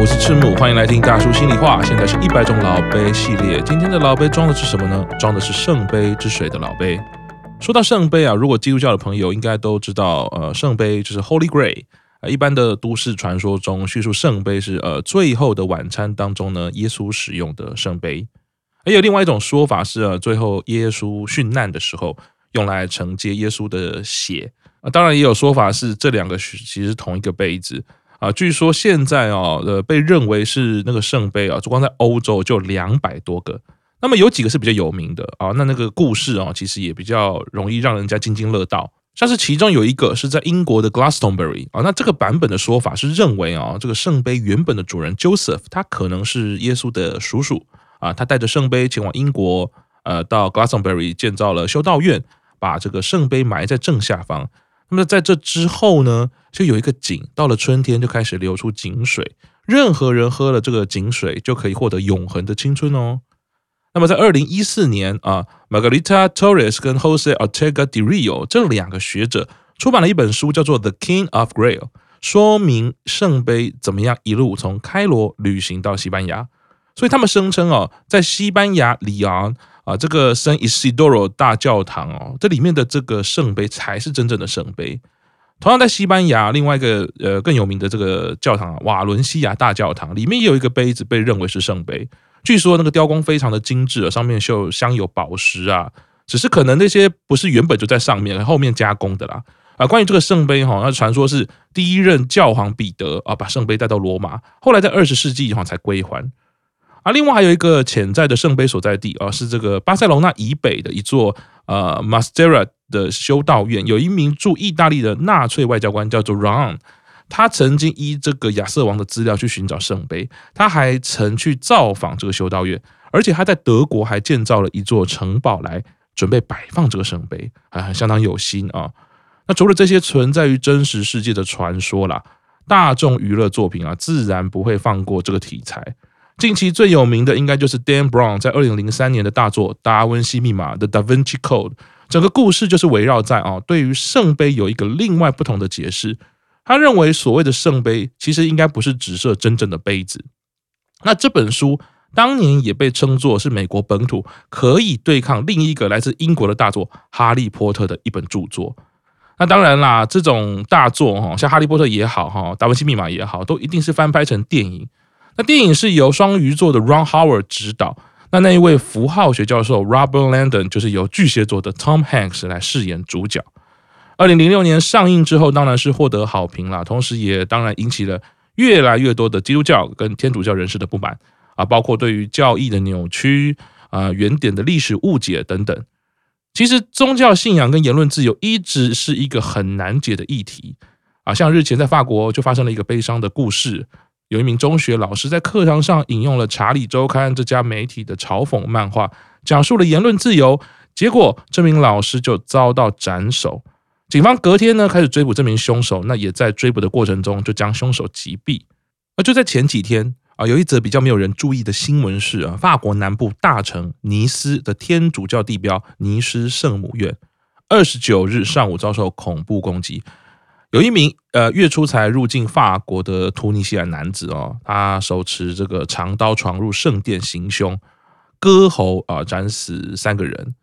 我是赤木，歡迎來聽大叔心裡話。現在是一百種老杯系列，今天，天的老杯裝的是什麼呢？裝的是聖杯之水的老杯。說到聖杯啊，如果基督教的朋友應該都知道，呃，聖杯就是 Holy Grail。啊，一般的都市傳說中敘述聖杯是呃最後的晚餐當中呢，耶穌使用的聖杯。還有另外一種說法是，最後耶穌殉難的時候用來承接耶穌的血。啊，當然也有說法是這兩個其實是同一個杯子。啊，據說現在啊，呃，被認為是那個聖杯啊，就光在歐洲就兩百多個。那麼有幾個是比較有名的啊？那那個故事啊，其實也比較容易讓人家津津樂道。像是其中有一個是在英國的 Glastonbury 啊，那這個版本的說法是認為啊，這個聖杯原本的主人 Joseph，他可能是耶穌的叔叔啊，他帶着聖杯前往英國，呃，到 Glastonbury 建造了修道院，把這個聖杯埋在正下方。那麼在這之後呢？就有一個井，到了春天就開始流出井水。任何人喝了這個井水，就可以獲得永恆的青春哦。那麼在二零一四年啊，Margarita Torres 跟 Jose Ortega de Rio 這兩個學者出版了一本書，叫做《The King of Grail》，說明聖杯怎麼樣一路從開羅旅行到西班牙。所以他們聲稱哦、啊，在西班牙裡昂啊，這個聖伊西多羅大教堂哦、啊，這裡面的這個聖杯才是真正的聖杯。同樣在西班牙，另外一個呃更有名的這個教堂啊，瓦倫西亞大教堂裡面也有一個杯子被認為是聖杯。據說那個雕工非常的精致啊，上面繡鑲有寶石啊，只是可能那些不是原本就在上面，後面加工的啦。啊，關於這個聖杯哈，那傳說是第一任教皇彼得啊把聖杯帶到羅馬，後來在二十世紀以後才歸還。啊，另外還有一個潛在的聖杯所在地啊、哦，是這個巴塞羅那以北的一座呃 Mastera 的修道院，有一名駐意大利的納粹外交官叫做 Ron，他曾經依這個亞瑟王的資料去尋找聖杯，他還曾去造訪這個修道院，而且他在德國還建造了一座城堡來準備擺放這個聖杯，啊，相當有心啊、哦。那除了這些存在於真實世界的傳說啦，大眾娛樂作品啊，自然不會放過這個題材。近期最有名的應該就是 Dan Brown 在二零零三年的大作《達文西密碼》的《Da Vinci Code》，整個故事就是圍繞在啊，對於聖杯有一個另外不同的解釋。他認為所謂的聖杯其實應該不是指涉真正的杯子。那這本書當年也被稱作是美國本土可以對抗另一個來自英國的大作《哈利波特》的一本著作。那當然啦，這種大作哈，像《哈利波特》也好哈，《達文西密碼》也好，都一定是翻拍成電影。那電影是由雙魚座的 Ron Howard 執導，那那一位符號學教授 Robert Langdon 就是由巨蟹座的 Tom Hanks 來飾演主角。二零零六年上映之後，當然是獲得好評啦，同時也當然引起了越來越多的基督教跟天主教人士的不滿啊，包括對於教義的扭曲啊、原點的歷史誤解等等。其實宗教信仰跟言論自由一直是一個很難解的議題啊，像日前在法國就發生了一個悲傷的故事。有一名中學老師在課堂上引用了《查理周刊》這家媒體的嘲諷漫畫，講述了言論自由，結果這名老師就遭到斬首。警方隔天呢開始追捕這名凶手，那也在追捕的過程中就將凶手擊斃。而就在前幾天啊，有一則比較沒有人注意的新聞是啊，法國南部大城尼斯的天主教地標尼斯聖母院，二十九日上午遭受恐怖攻擊。有一名呃月初才入境法國的突尼西亞男子哦，他手持這個長刀闖入聖殿行兇，割喉啊，呃，斬死三個人。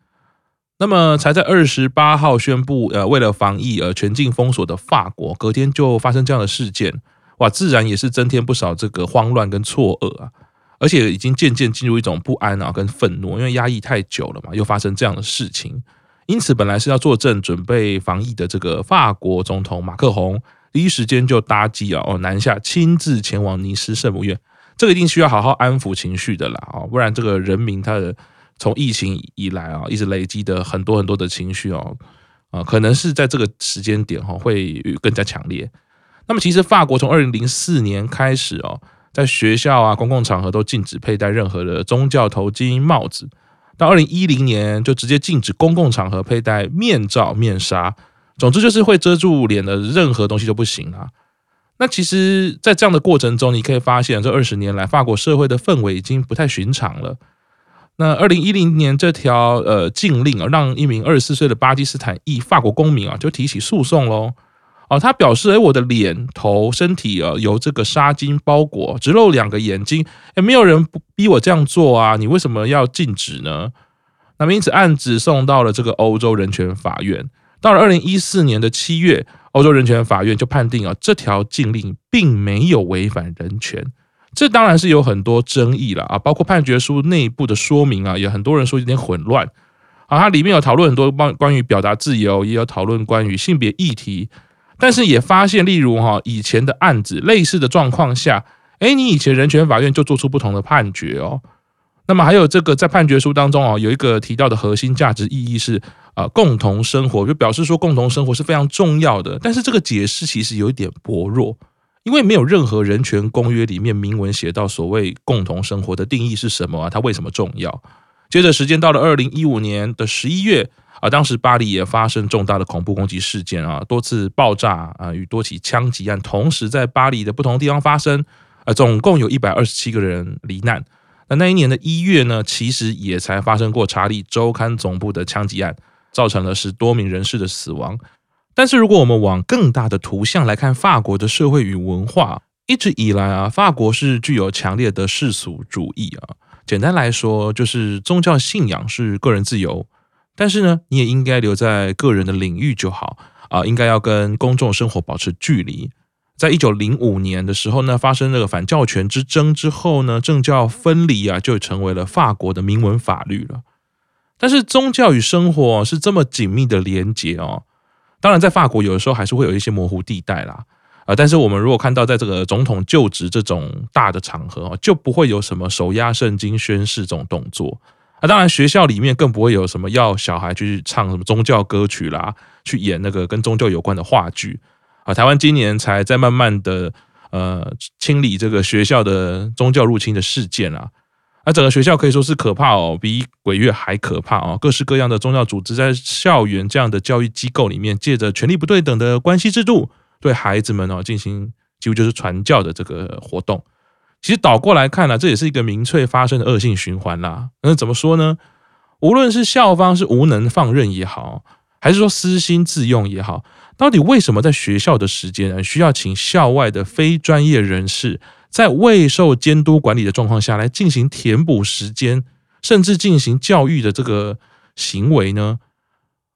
那麼才在二十八號宣布呃為了防疫而全境封鎖的法國，隔天就發生這樣的事件，哇！自然也是增添不少這個慌亂跟錯愕啊，而且已經漸漸進入一種不安啊跟憤怒，因為壓抑太久了嘛，又發生這樣的事情。因此，本來是要坐鎮準備防疫的這個法國總統馬克宏，第一時間就搭機哦南下，親自前往尼斯聖母院。這個一定需要好好安撫情緒的啦啊，不然這個人民他的從疫情以來啊，一直累積的很多很多的情緒哦啊，可能是在這個時間點哈會更加強烈。那麼，其實法國從二零零四年開始哦，在學校啊公共場合都禁止佩戴任何的宗教頭巾帽子。到二零一零年就直接禁止公共場合佩戴面罩、面紗，總之就是會遮住臉的任何東西就不行啊。那其實，在這樣的過程中，你可以發現這二十年來法國社會的氛圍已經不太尋常了。那二零一零年這條呃禁令啊，讓一名二十四歲的巴基斯坦裔法國公民啊就提起訴訟嘍。哦，他表示：“誒、欸、我的臉、頭、身體啊、呃，由這個紗巾包裹，只露兩個眼睛。誒、欸、沒有人逼我這樣做啊，你為什麼要禁止呢？”那麼，因此案子送到了這個歐洲人權法院。到了二零一四年的七月，歐洲人權法院就判定啊、哦，這條禁令並沒有違反人權。這當然是有很多爭議了啊，包括判決書內部的說明啊，也很多人說有點混亂。啊，它裡面有討論很多關關於表達自由，也有討論關於性別議題。但是也發現，例如哈以前的案子，類似的狀況下，哎，你以前人權法院就做出不同的判決哦。那麼還有這個，在判決書當中啊，有一個提到的核心價值意義是啊，共同生活，就表示說共同生活是非常重要的。但是這個解釋其實有一點薄弱，因為沒有任何人權公約裡面明文寫到所謂共同生活的定義是什麼啊，它為什麼重要？接着時間到了二零一五年的十一月。而、啊、當時巴黎也發生重大的恐怖攻擊事件啊，多次爆炸啊，與多起槍擊案同時在巴黎的不同的地方發生，啊，總共有一百二十七個人罹難。那那一年的一月呢，其實也才發生過《查理週刊》總部的槍擊案，造成了十多名人士的死亡。但是如果我們往更大的圖像來看，法國的社會與文化一直以來啊，法國是具有強烈的世俗主義啊，簡單來說就是宗教信仰是個人自由。但是呢，你也應該留在個人的領域就好啊、呃，應該要跟公眾生活保持距離。在一九零五年的時候呢，發生那個反教權之爭之後呢，政教分離啊，就成為了法國的明文法律了。但是宗教與生活是這麼緊密的連結哦，當然在法國有的時候還是會有一些模糊地帶啦啊、呃。但是我們如果看到在這個總統就職這種大的場合、哦，就不會有什麼手壓聖經宣誓這種動作。啊，當然，學校裡面更不會有什麼要小孩去唱什麼宗教歌曲啦，去演那個跟宗教有關的話劇啊。台灣今年才在慢慢的呃清理這個學校的宗教入侵的事件啊，啊，整個學校可以說是可怕哦，比鬼月還可怕哦，各式各樣的宗教組織在校園這樣的教育機構裡面，借着權力不對等的關係制度，對孩子們哦進行幾乎就是傳教的這個活動。其實倒過來看呢、啊，這也是一個民粹發生的惡性循環啦、啊。那怎麼說呢？無論是校方是無能放任也好，還是說私心自用也好，到底為什麼在學校的時間需要請校外的非專業人士，在未受監督管理的狀況下來進行填補時間，甚至進行教育的這個行為呢？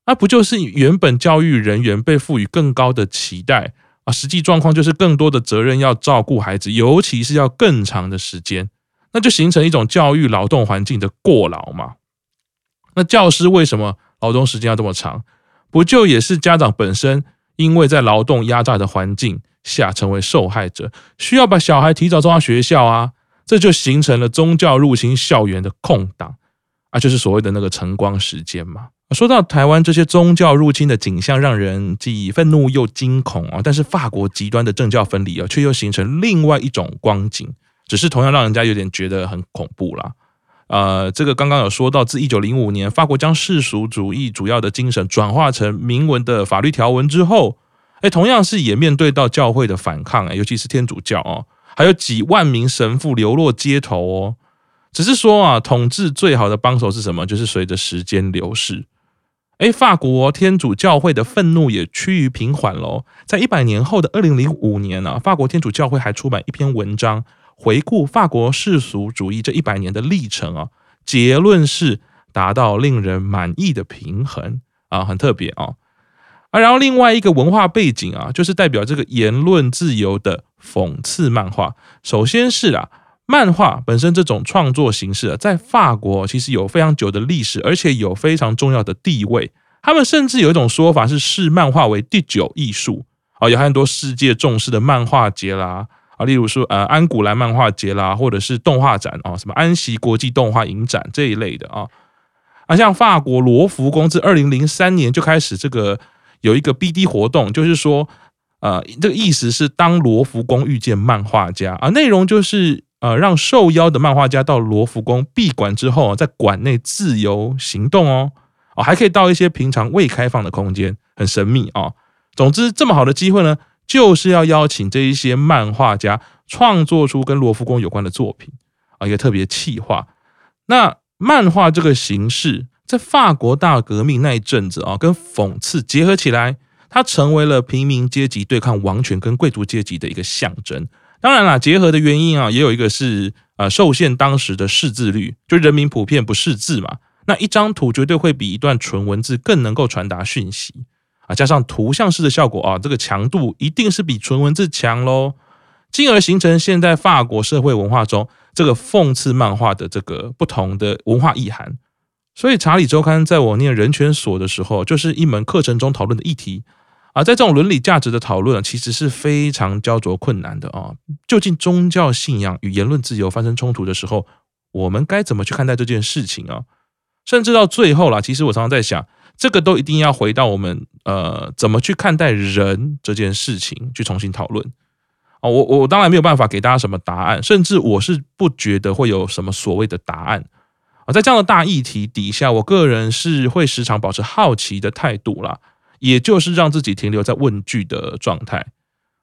那不就是原本教育人員被賦予更高的期待？實際狀況就是更多的責任，要照顧孩子，尤其是要更長的時間，那就形成一種教育勞動環境的過勞嘛。那教師為什麼勞動時間要這麼長？不就也是家長本身因為在勞動壓榨的環境下成為受害者，需要把小孩提早送到學校啊，這就形成了宗教入侵校園的空檔啊，就是所謂的那個晨光時間嘛。說到台灣這些宗教入侵的景象，讓人既憤怒又驚恐啊！但是法國極端的政教分離啊，卻又形成另外一種光景，只是同樣讓人家有點覺得很恐怖啦。呃，這個剛剛有說到，自一九零五年法國將世俗主義主要的精神轉化成明文的法律條文之後，欸，同樣是也面對到教會的反抗，尤其是天主教哦，還有幾萬名神父流落街頭哦。只是說啊，統治最好的幫手是什麼？就是隨着時間流逝。哎、欸，法國天主教會的憤怒也趨於平緩嘍。在一百年後的二零零五年呢，啊，法國天主教會還出版一篇文章，回顧法國世俗主義這一百年的歷程啊。結論是達到令人滿意的平衡啊，很特別啊，哦。啊，然後另外一個文化背景啊，就是代表這個言論自由的諷刺漫畫。首先是啊。漫畫本身這種創作形式啊，在法國其實有非常久的歷史，而且有非常重要的地位。他們甚至有一種說法是視漫畫為第九藝術啊，有很多世界重視的漫畫節啦啊，例如說呃安古蘭漫畫節啦，或者是動畫展啊，什麼安錫國際動畫影展這一類的啊啊，像法國羅浮宮自二零零三年就開始這個有一個 BD 活動，就是說呃這個意思是當羅浮宮遇見漫畫家啊，內容就是。呃，讓受邀的漫畫家到羅浮宮閉館之後啊，在館內自由行動哦，哦，還可以到一些平常未開放的空間，很神秘啊、哦。總之，這麼好的機會呢，就是要邀請這一些漫畫家創作出跟羅浮宮有關的作品啊，一個特別企劃。那漫畫這個形式，在法國大革命那一陣子啊、哦，跟諷刺結合起來，它成為了平民階級對抗王權跟貴族階級的一個象徵。當然啦，結合的原因啊，也有一個是啊、呃、受限當時的識字率，就人民普遍不識字嘛。那一張圖絕對會比一段純文字更能夠傳達訊息啊，加上圖像式的效果啊，這個強度一定是比純文字強嘍，進而形成現在法國社會文化中這個諷刺漫畫的這個不同的文化意涵。所以《查理周刊》在我念人權所的時候，就是一門課程中討論的議題。而在這種倫理價值的討論，其實是非常焦灼困難的啊！究竟宗教信仰與言論自由發生衝突的時候，我們該怎麼去看待這件事情啊？甚至到最後啦，其實我常常在想，這個都一定要回到我們呃怎麼去看待人這件事情去重新討論啊！我我當然沒有辦法給大家什麼答案，甚至我是不覺得會有什麼所謂的答案啊！在這樣的大議題底下，我個人是會時常保持好奇的態度啦。也就是讓自己停留在問句的狀態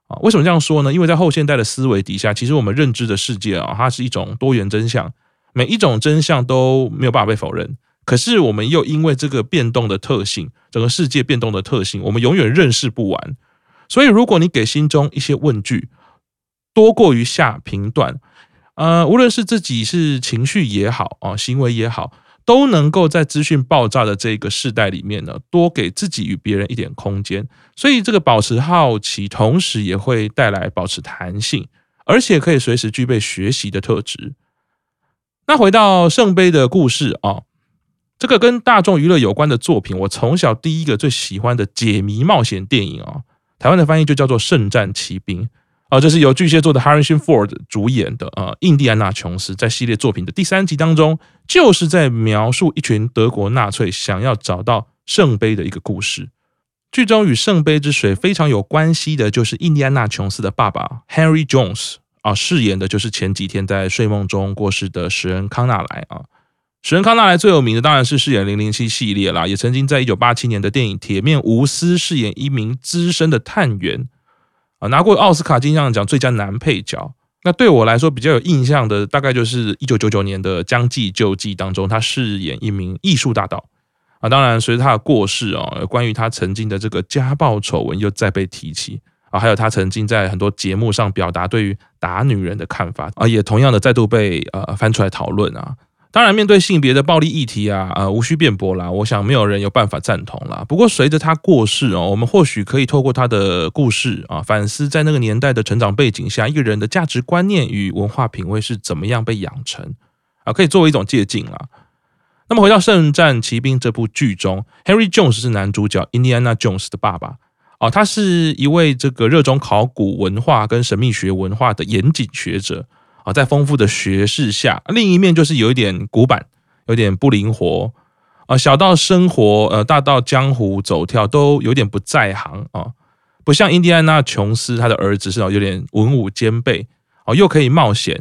啊。為什麼這樣說呢？因為在後現代的思維底下，其實我們認知的世界啊，它是一種多元真相，每一種真相都沒有辦法被否認。可是我們又因為這個變動的特性，整個世界變動的特性，我們永遠認識不完。所以，如果你給心中一些問句，多過於下評斷，呃，無論是自己是情緒也好啊，行為也好。都能夠在資訊爆炸的這個時代裡面呢，多給自己與別人一點空間，所以這個保持好奇，同時也會帶來保持彈性，而且可以隨時具備學習的特質。那回到聖杯的故事啊，這個跟大眾娛樂有關的作品，我從小第一個最喜歡的解謎冒險電影啊，台灣的翻譯就叫做《聖戰奇兵》。啊，這是由巨蟹座的 Harrison Ford 主演的。呃，印第安納瓊斯在系列作品的第三集當中，就是在描述一群德國納粹想要找到聖杯的一個故事。劇中與聖杯之水非常有關係的，就是印第安納瓊斯的爸爸 Henry Jones 啊，飾演的就是前幾天在睡夢中過世的史恩康納萊啊。史恩康納萊最有名的當然是飾演零零七系列啦，也曾經在一九八七年的電影《鐵面無私》飾演一名資深的探員。啊，拿過奧斯卡金像獎最佳男配角。那對我來說比較有印象的，大概就是一九九九年的《將計就計》當中，他飾演一名藝術大盜。啊，當然隨着他的過世啊，關於他曾經的這個家暴醜聞又再被提起啊，還有他曾經在很多節目上表達對於打女人的看法啊，也同樣的再度被呃翻出來討論啊。當然，面對性別的暴力議題啊，啊、呃，無需辯駁啦。我想沒有人有辦法贊同啦，不過，隨着他過世哦，我們或許可以透過他的故事啊，反思在那個年代的成長背景下，一個人的價值觀念與文化品味是怎麼樣被養成啊，可以作為一種借鑒啦、啊。那麼，回到《聖戰奇兵》這部劇中，Henry Jones 是男主角 Indiana Jones 的爸爸啊，他是一位這個熱衷考古文化跟神秘學文化的嚴謹學者。啊，在豐富的學識下，另一面就是有一點古板，有點不靈活。啊，小到生活，呃，大到江湖走跳，都有點不在行啊。不像印第安納瓊斯，他的兒子是有點文武兼備，哦，又可以冒險，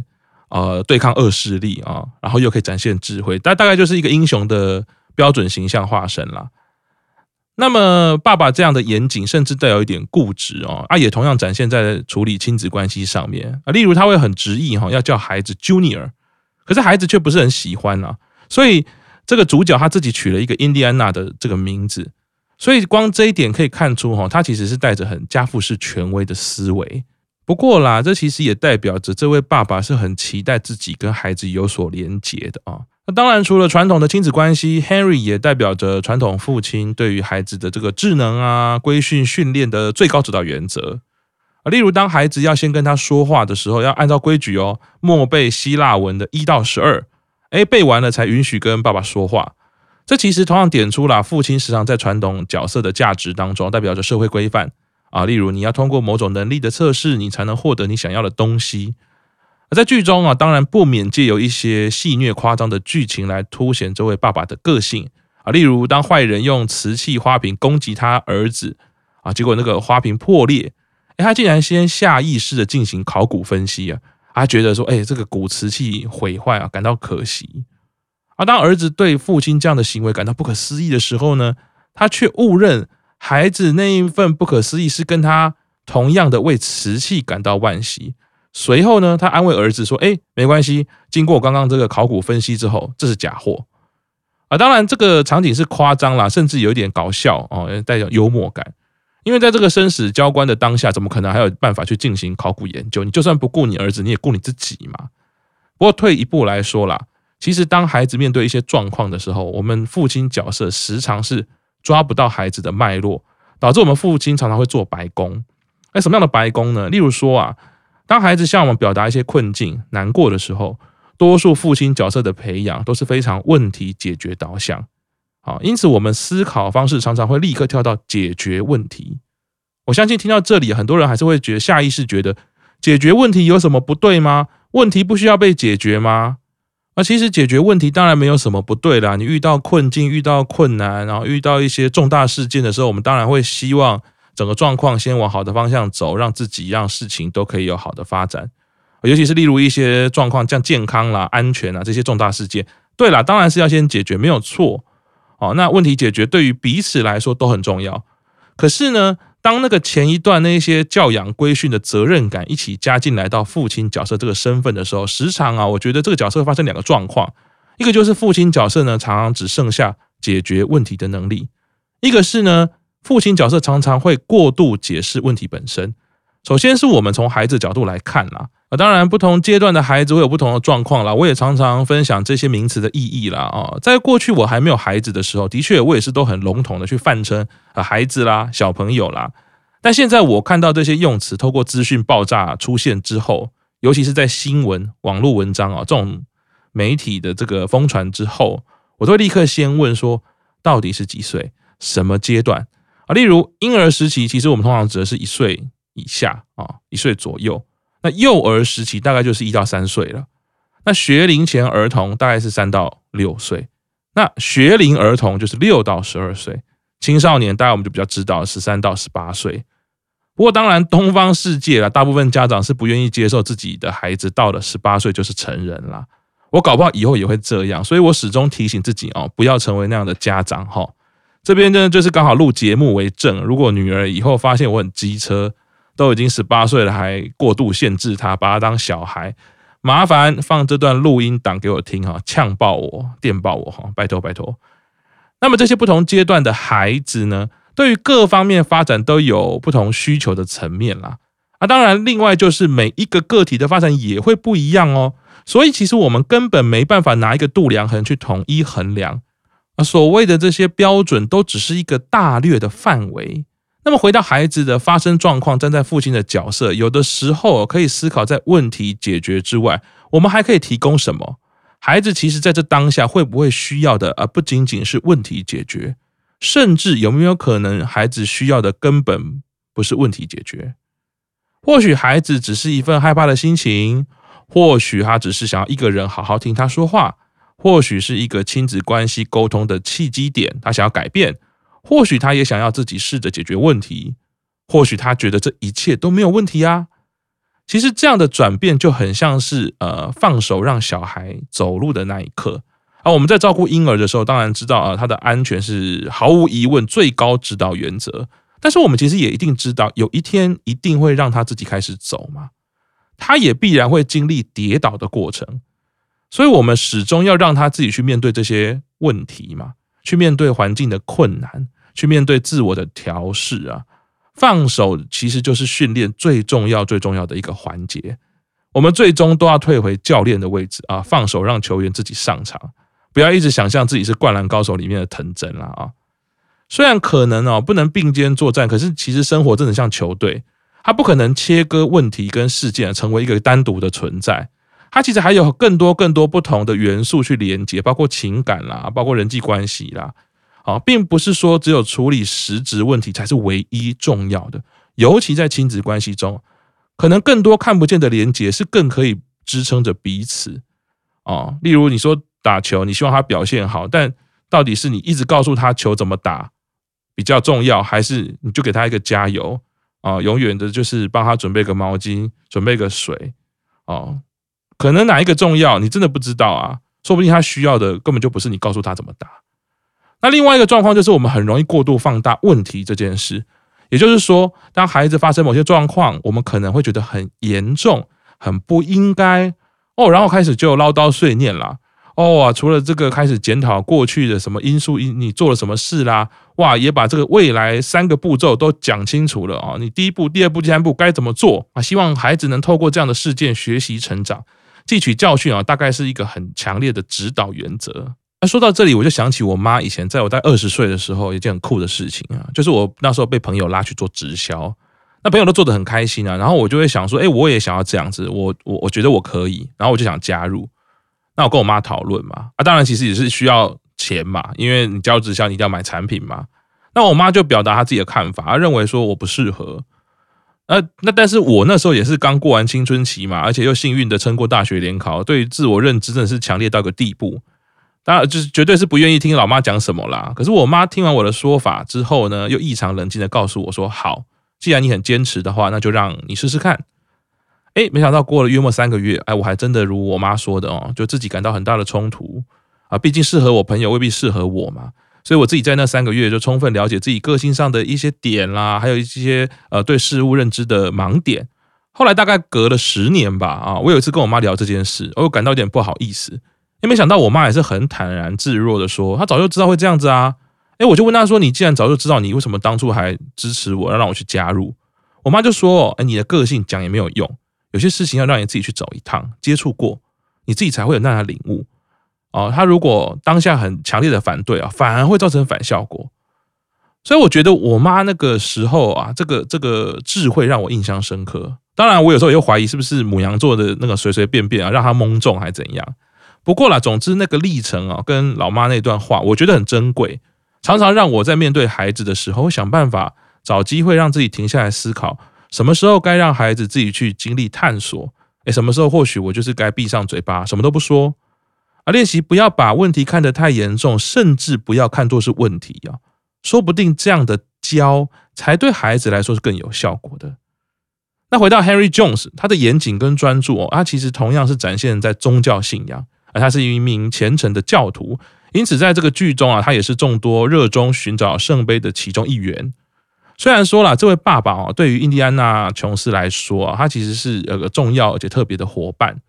啊，對抗惡勢力啊，然後又可以展現智慧。但大概就是一個英雄的標準形象化身啦。那麼，爸爸這樣的嚴謹，甚至帶有一點固執哦，啊，也同樣展現在處理親子關係上面啊。例如，他會很執意哈，要叫孩子 Junior，可是孩子卻不是很喜歡啊。所以，這個主角他自己取了一個印第安納的這個名字，所以光這一點可以看出哈、哦，他其實是帶着很家父式權威的思維。不過啦，這其實也代表着這位爸爸是很期待自己跟孩子有所連結的啊、哦。那當然，除了傳統的親子關係，Henry 也代表着傳統父親對於孩子的這個智能啊、規訓訓練的最高指導原則。啊，例如當孩子要先跟他說話的時候，要按照規矩哦，默背希臘文的一到十二，哎，背完了才允許跟爸爸說話。這其實同樣點出了父親時常在傳統角色的價值當中代表着社會規範。啊，例如你要通過某種能力的測試，你才能獲得你想要的東西。在劇中啊，當然不免借由一些戲謔誇張的劇情來凸顯這位爸爸的個性啊。例如，當壞人用瓷器花瓶攻擊他兒子啊，結果那個花瓶破裂，欸、他竟然先下意識的進行考古分析啊，他覺得說，哎、欸，這個古瓷器毀壞啊，感到可惜。而、啊、當兒子對父親這樣的行為感到不可思議的時候呢，他卻誤認孩子那一份不可思議是跟他同樣的為瓷器感到惋惜。隨後呢，他安慰兒子說：“哎，沒關係。經過剛剛這個考古分析之後，這是假貨啊！當然，這個場景是誇張啦，甚至有一點搞笑哦，帶有幽默感。因為在這個生死交關的當下，怎麼可能還有辦法去進行考古研究？你就算不顧你兒子，你也顧你自己嘛。不過退一步來說啦，其實當孩子面對一些狀況的時候，我們父親角色時常是抓不到孩子的脈絡，導致我們父親常常會做白工。哎，什麼樣的白工呢？例如說啊。”當孩子向我們表達一些困境、難過的時候，多數父親角色的培養都是非常問題解決導向。好，因此我們思考方式常常會立刻跳到解決問題。我相信聽到這裡，很多人還是會覺得下意識覺得解決問題有什麼不對嗎？問題不需要被解決嗎？而其實解決問題當然沒有什麼不對啦。你遇到困境、遇到困難，然後遇到一些重大事件的時候，我們當然會希望。整個狀況先往好的方向走，讓自己讓事情都可以有好的發展，尤其是例如一些狀況像健康啦、安全啊這些重大事件，對啦，當然是要先解決，沒有錯。哦，那問題解決對於彼此來說都很重要。可是呢，當那個前一段那些教養、規訓的責任感一起加進來到父親角色這個身份的時候，時常啊，我覺得這個角色會發生兩個狀況：一個就是父親角色呢，常常只剩下解決問題的能力；一個是呢。父親角色常常會過度解釋問題本身。首先是我們從孩子角度來看啦，當然不同階段的孩子會有不同的狀況啦。我也常常分享這些名詞的意義啦，啊，在過去我還沒有孩子的時候，的確我也是都很籠統的去泛稱啊孩子啦、小朋友啦。但現在我看到這些用詞，透過資訊爆炸出現之後，尤其是在新聞、網絡文章啊、哦、這種媒體的這個瘋傳之後，我都會立刻先問說到底是幾歲、什麼階段。啊，例如嬰兒時期，其實我們通常指的是一歲以下啊，一歲左右。那幼兒時期大概就是一到三歲了。那學齡前兒童大概是三到六歲。那學齡兒童就是六到十二歲。青少年大概我們就比較知道十三到十八歲。不過當然，東方世界啊，大部分家長是不願意接受自己的孩子到了十八歲就是成人了。我搞不好以後也會這樣，所以我始終提醒自己哦，不要成為那樣的家長哈。這邊呢，就是剛好錄節目為證。如果女兒以後發現我很機車，都已經十八歲了，還過度限制她，把她當小孩，麻煩放這段錄音檔給我聽哈，嗆爆我，電爆我哈，拜託拜託。那麼這些不同階段的孩子呢，對於各方面發展都有不同需求的層面啦。啊，當然，另外就是每一個個體的發展也會不一樣哦、喔。所以其實我們根本沒辦法拿一個度量衡去統一衡量。啊，所謂的這些標準都只是一個大略的範圍。那麼回到孩子的發生狀況，站在父親的角色，有的時候可以思考，在問題解決之外，我們還可以提供什麼？孩子其實在這當下會不會需要的，而不僅僅是問題解決？甚至有沒有可能，孩子需要的根本不是問題解決？或許孩子只是一份害怕的心情，或許他只是想要一個人好好聽他說話。或許是一個親子關係溝通的契機點，他想要改變；或許他也想要自己試着解決問題；或許他覺得這一切都沒有問題啊。其實這樣的轉變就很像是呃，放手讓小孩走路的那一刻而，呃、我們在照顧嬰兒的時候，當然知道啊、呃，他的安全是毫無疑問最高指導原則。但是我們其實也一定知道，有一天一定會讓他自己開始走嘛，他也必然會經歷跌倒的過程。所以，我們始終要讓他自己去面對這些問題嘛，去面對環境的困難，去面對自我的調試啊。放手其實就是訓練最重要最重要的一個環節。我們最終都要退回教練的位置啊，放手讓球員自己上場，不要一直想象自己是灌籃高手裡面的藤真啦啊。雖然可能哦，不能並肩作戰，可是其實生活真的像球隊，他不可能切割問題跟事件成為一個單獨的存在。它其實還有更多更多不同的元素去連接，包括情感啦，包括人際關係啦，啊，並不是說只有處理實質問題才是唯一重要的，尤其在親子關係中，可能更多看不見的連接是更可以支撐着彼此，啊，例如你說打球，你希望他表現好，但到底是你一直告訴他球怎麼打比較重要，還是你就給他一個加油啊，永遠的就是幫他準備個毛巾，準備個水，啊。可能哪一個重要，你真的不知道啊？說不定他需要的根本就不是你告訴他怎麼答。那另外一個狀況就是，我們很容易過度放大問題這件事。也就是說，當孩子發生某些狀況，我們可能會覺得很嚴重、很不應該哦，然後開始就嘮叨碎念啦，哦。除了這個，開始檢討過去的什麼因素，因你做了什麼事啦、啊？哇，也把這個未來三個步驟都講清楚了啊、哦。你第一步、第二步、第三步該怎麼做啊？希望孩子能透過這樣的事件學習成長。汲取教訓啊，大概是一個很強烈的指導原則。那說到這裡，我就想起我媽以前在我在二十歲的時候一件很酷的事情啊，就是我那時候被朋友拉去做直銷，那朋友都做得很開心啊，然後我就會想說，哎、欸，我也想要這樣子，我我我覺得我可以，然後我就想加入。那我跟我媽討論嘛，啊，當然其實也是需要錢嘛，因為你交直銷你一定要買產品嘛。那我媽就表達她自己的看法，她認為說我不適合。呃，那但是我那時候也是剛過完青春期嘛，而且又幸運的撐過大學聯考，對於自我認知真的是強烈到個地步，當然就是絕對是不願意聽老媽講什麼啦。可是我媽聽完我的說法之後呢，又異常冷靜的告訴我說：“好，既然你很堅持的話，那就讓你試試看。”哎，沒想到過了約莫三個月，哎，我還真的如我媽說的哦，就自己感到很大的衝突啊，畢竟適合我朋友未必適合我嘛。所以我自己在那三個月就充分了解自己個性上的一些點啦，還有一些呃對事物認知的盲點。後來大概隔了十年吧，啊，我有一次跟我媽聊這件事，我又感到有點不好意思。因為沒想到我媽也是很坦然自若的說，她早就知道會這樣子啊。誒，我就問她說，你既然早就知道，你為什麼當初還支持我要讓我去加入？我媽就說，誒，你的個性講也沒有用，有些事情要讓你自己去走一趟，接觸過，你自己才會有那樣的領悟。哦，他如果當下很強烈的反對啊、哦，反而會造成反效果。所以我覺得我媽那個時候啊，這個這個智慧讓我印象深刻。當然，我有時候又懷疑是不是牡羊座的那個隨隨便便啊，讓他懵中還是怎樣。不過啦，總之那個歷程啊，跟老媽那段話，我覺得很珍貴。常常讓我在面對孩子的時候，想辦法找機會讓自己停下來思考：什麼時候該讓孩子自己去經歷探索？誒，什麼時候或許我就是該閉上嘴巴，什麼都不說。而練習不要把問題看得太嚴重，甚至不要看作是問題啊、哦，說不定這樣的教才對孩子來說是更有效果的。那回到 Henry Jones，他的嚴謹跟專注哦，他其實同樣是展現在宗教信仰，而他是一名虔誠的教徒，因此在這個劇中啊，他也是眾多熱衷尋找聖杯的其中一員。雖然說啦，這位爸爸哦、啊，對於印第安納瓊斯來說啊，他其實是有個重要而且特別的夥伴。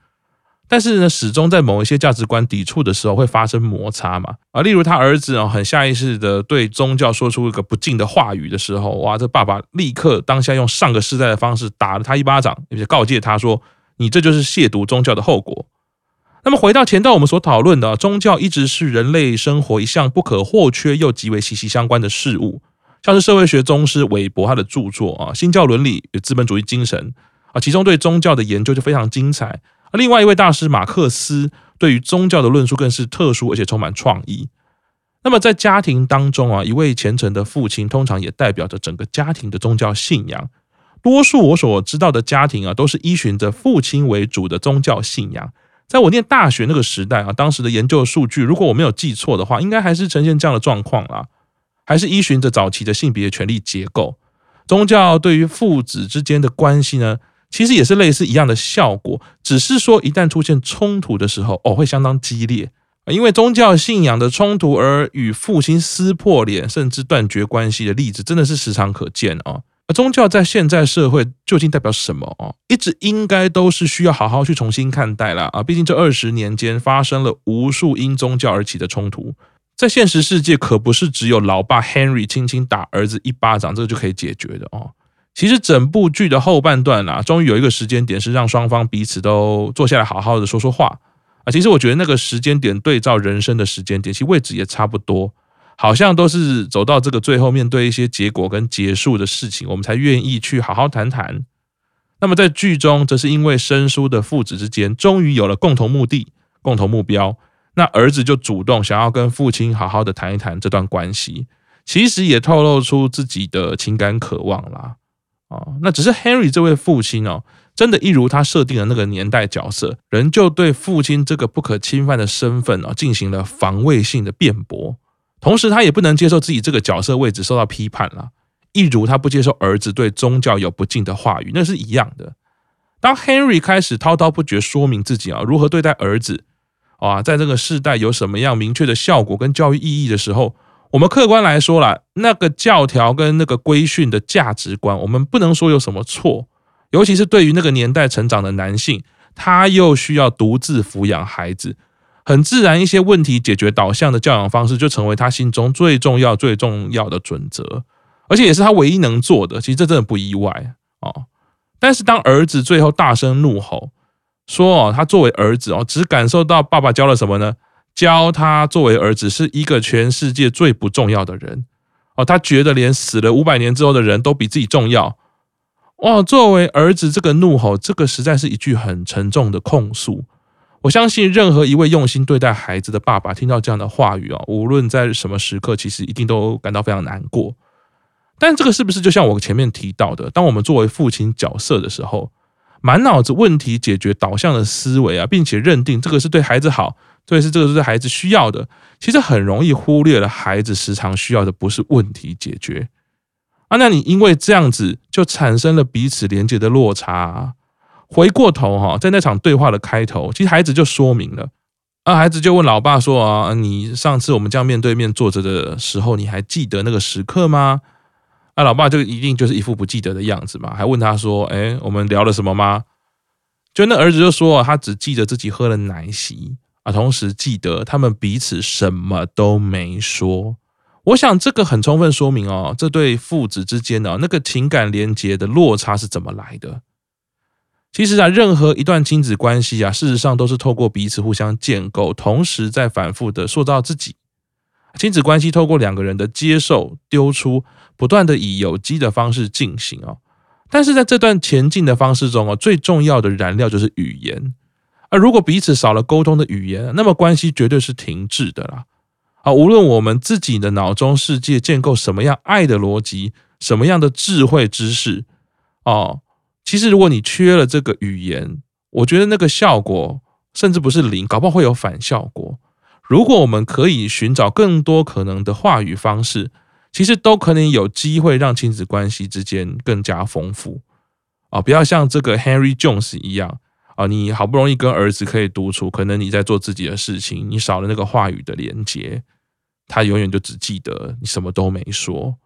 但是呢，始終在某一些價值觀抵觸的時候會發生摩擦嘛。啊，例如他兒子啊，很下意識的對宗教說出一個不敬的話語的時候，哇，這爸爸立刻當下用上個世代的方式打了他一巴掌，就是告誡他說：“你這就是褻瀆宗教的後果。”那麼回到前段我們所討論的啊，宗教一直是人類生活一項不可或缺又極為息息相關的事物，像是社會學宗師韋伯他的著作啊，《新教倫理與資本主義精神》啊，其中對宗教的研究就非常精彩。而另外一位大師馬克思對於宗教的論述更是特殊而且充滿創意。那麼在家庭當中啊，一位虔誠的父親通常也代表着整個家庭的宗教信仰。多數我所知道的家庭啊，都是依循着父親為主的宗教信仰。在我念大學那個時代啊，當時的研究數據，如果我沒有記錯的話，應該還是呈現這樣的狀況啦、啊，還是依循着早期的性別權力結構。宗教對於父子之間的關係呢？其實也是類似一樣的效果，只是說一旦出現衝突的時候，哦，會相當激烈。因為宗教信仰的衝突而與父親撕破臉，甚至斷絕關係的例子，真的是時常可見啊。宗教在現在社會究竟代表什麼啊？一直應該都是需要好好去重新看待啦。啊。畢竟這二十年間發生了無數因宗教而起的衝突，在現實世界可不是只有老爸 Henry 輕輕打兒子一巴掌這個就可以解決的哦。其實整部劇的後半段啊，終於有一個時間點是讓雙方彼此都坐下來好好的說說話啊。其實我覺得那個時間點對照人生的時間點，其位置也差不多，好像都是走到這個最後，面對一些結果跟結束的事情，我們才願意去好好談談。那麼在劇中，則是因為生疏的父子之間終於有了共同目的、共同目標，那兒子就主動想要跟父親好好的談一談這段關係，其實也透露出自己的情感渴望啦、啊。哦，那只是 Henry 這位父親哦，真的，一如他設定的那個年代角色，仍舊對父親這個不可侵犯的身份哦，進行了防衛性的辯駁。同時，他也不能接受自己這個角色位置受到批判了，一如他不接受兒子對宗教有不敬的話語，那是一樣的。當 Henry 開始滔滔不絕說明自己啊如何對待兒子啊，在這個世代有什麼樣明確的效果跟教育意義的時候，我們客觀來說啦，那個教條跟那個規訓的價值觀，我們不能說有什麼錯。尤其是對於那個年代成長的男性，他又需要獨自撫養孩子，很自然，一些問題解決導向的教養方式就成為他心中最重要、最重要的準則，而且也是他唯一能做的。其實這真的不意外哦。但是當兒子最後大聲怒吼說：“哦，他作為兒子哦，只感受到爸爸教了什麼呢？”教他作為兒子是一個全世界最不重要的人哦，他覺得連死了五百年之後的人都比自己重要哇！作為兒子這個怒吼，這個實在是一句很沉重的控訴。我相信任何一位用心對待孩子的爸爸，聽到這樣的話語啊、哦，無論在什麼時刻，其實一定都感到非常難過。但這個是不是就像我前面提到的，當我們作為父親角色的時候，滿腦子問題解決導向的思維啊，並且認定這個是對孩子好。所以是這個，是孩子需要的。其實很容易忽略了，孩子時常需要的不是問題解決啊。那你因為這樣子，就產生了彼此連接的落差。回過頭哈，在那場對話的開頭，其實孩子就說明了啊。孩子就問老爸說啊，你上次我們這樣面對面坐着的時候，你還記得那個時刻嗎？啊，老爸就一定就是一副不記得的樣子嘛，還問他說，哎，我們聊了什麼嗎？就那兒子就說啊，他只記得自己喝了奶昔。啊，同時記得他們彼此什麼都沒說。我想這個很充分說明哦，這對父子之間哦，那個情感連結的落差是怎麼來的。其實啊，任何一段親子關係啊，事實上都是透過彼此互相建構，同時在反覆的塑造自己。親子關係透過兩個人的接受、丟出，不斷的以有機的方式進行哦。但是在這段前進的方式中哦，最重要的燃料就是語言。而如果彼此少了溝通的語言，那麼關係絕對是停滯的啦。啊，無論我們自己的腦中世界建構什麼樣愛的邏輯，什麼樣的智慧知識，哦、啊，其實如果你缺了這個語言，我覺得那個效果甚至不是零，搞不好會有反效果。如果我們可以尋找更多可能的話語方式，其實都可能有機會讓親子關係之間更加豐富。啊，不要像這個 Henry Jones 一樣。啊，你好不容易跟兒子可以獨處，可能你在做自己的事情，你少了那個話語的連接，他永遠就只記得你什麼都沒說。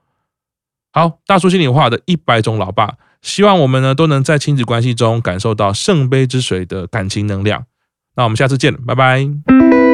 好，大叔心裡話的一百種老爸，希望我們呢都能在親子關係中感受到聖杯之水的感情能量。那我們下次見，拜拜。